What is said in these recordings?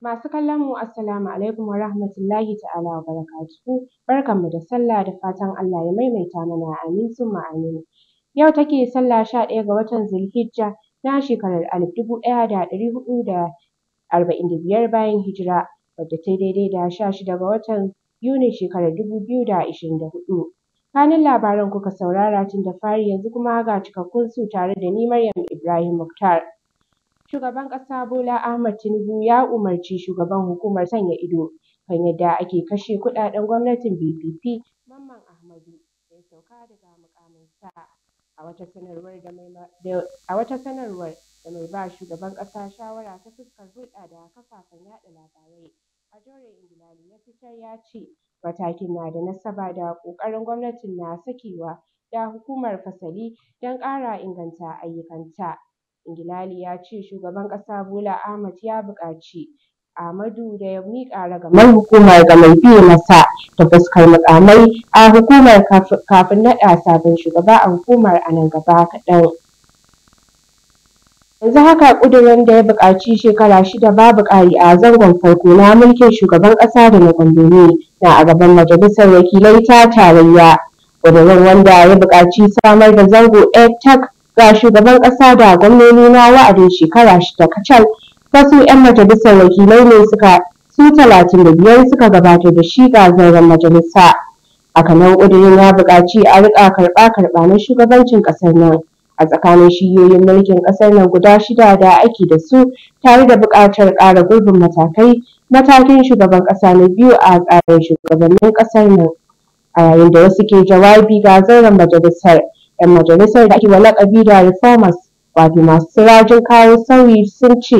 Masu kallon mu Assalamu alaikum wa rahmatullahi ta'ala wa barakatuhu. Barkanmu da sallah da fatan Allah ya maimaita mana amin summa amin. Yau take sallah sha ɗaya ga watan Zulhijja na shekarar alif dubu ɗaya da ɗari hudu da arba'in da biyar bayan hijira wadda ta daidai da sha shida ga watan Yuni shekarar dubu biyu da ashirin da hudu. Kanin labaran kuka saurara tun da fari yanzu kuma ga cikakkun su tare da ni Maryam Ibrahim Muktar. Shugaban ƙasa Bola Ahmed Tinubu ya umarci shugaban hukumar sanya ido kan yadda ake kashe kuɗaɗen gwamnatin PPP, Mamman Ahmadu, da ya sauka daga muƙaminsa. A wata sanarwar da mai ba shugaban ƙasa shawara ta fuskar hulɗa da kafafen yaɗa labarai, Ajore Ingilali ya fitar ya ce matakin na da nasaba da ƙoƙarin gwamnatin na sakewa da hukumar fasali don ƙara inganta ayyukanta. Ingilali ya ce shugaban ƙasa Bola Ahmad ya buƙaci Amadu da ya miƙa ragamar hukumar ga mai na masa ta fuskar muƙamai a hukumar kafin naɗa sabon shugaba a hukumar a nan gaba kaɗan. yanzu haka ƙudurin da ya buƙaci shekara shida babu ƙari a zangon farko na mulkin shugaban ƙasa da na na a gaban majalisar wakilai ta tarayya ƙudurin wanda ya buƙaci samar da zango tak ga shugaban ƙasa da gwamnoni na wa'adin shekara shida kacal wasu 'yan majalisar wakilai ne suka su talatin da biyar suka gabatar da shi ga zauren majalisa A hakanan ƙudurin ya buƙaci a riƙa karɓa-karɓa na shugabancin ƙasar nan a tsakanin shiyoyin mulkin ƙasar nan guda shida da ake da su tare da buƙatar ƙara gurbin matakai matakin shugaban ƙasa na biyu a tsarin shugabannin ƙasar nan a yayin da wasu ke jawabi ga zauren majalisar 'yan majalisar da ake lakabi da reformers wato masu sirajin kawo sauyi sun ce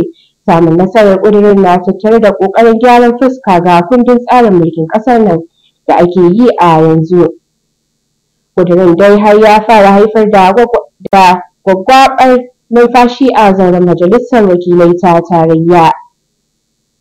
samun nasarar ƙudurin na tattare da ƙoƙarin gyaran fuska ga kundin tsarin mulkin ƙasar nan da ake yi a yanzu ƙudurin dai har ya fara haifar da gwaggwaɓar numfashi a zauren majalisar wakilai ta tarayya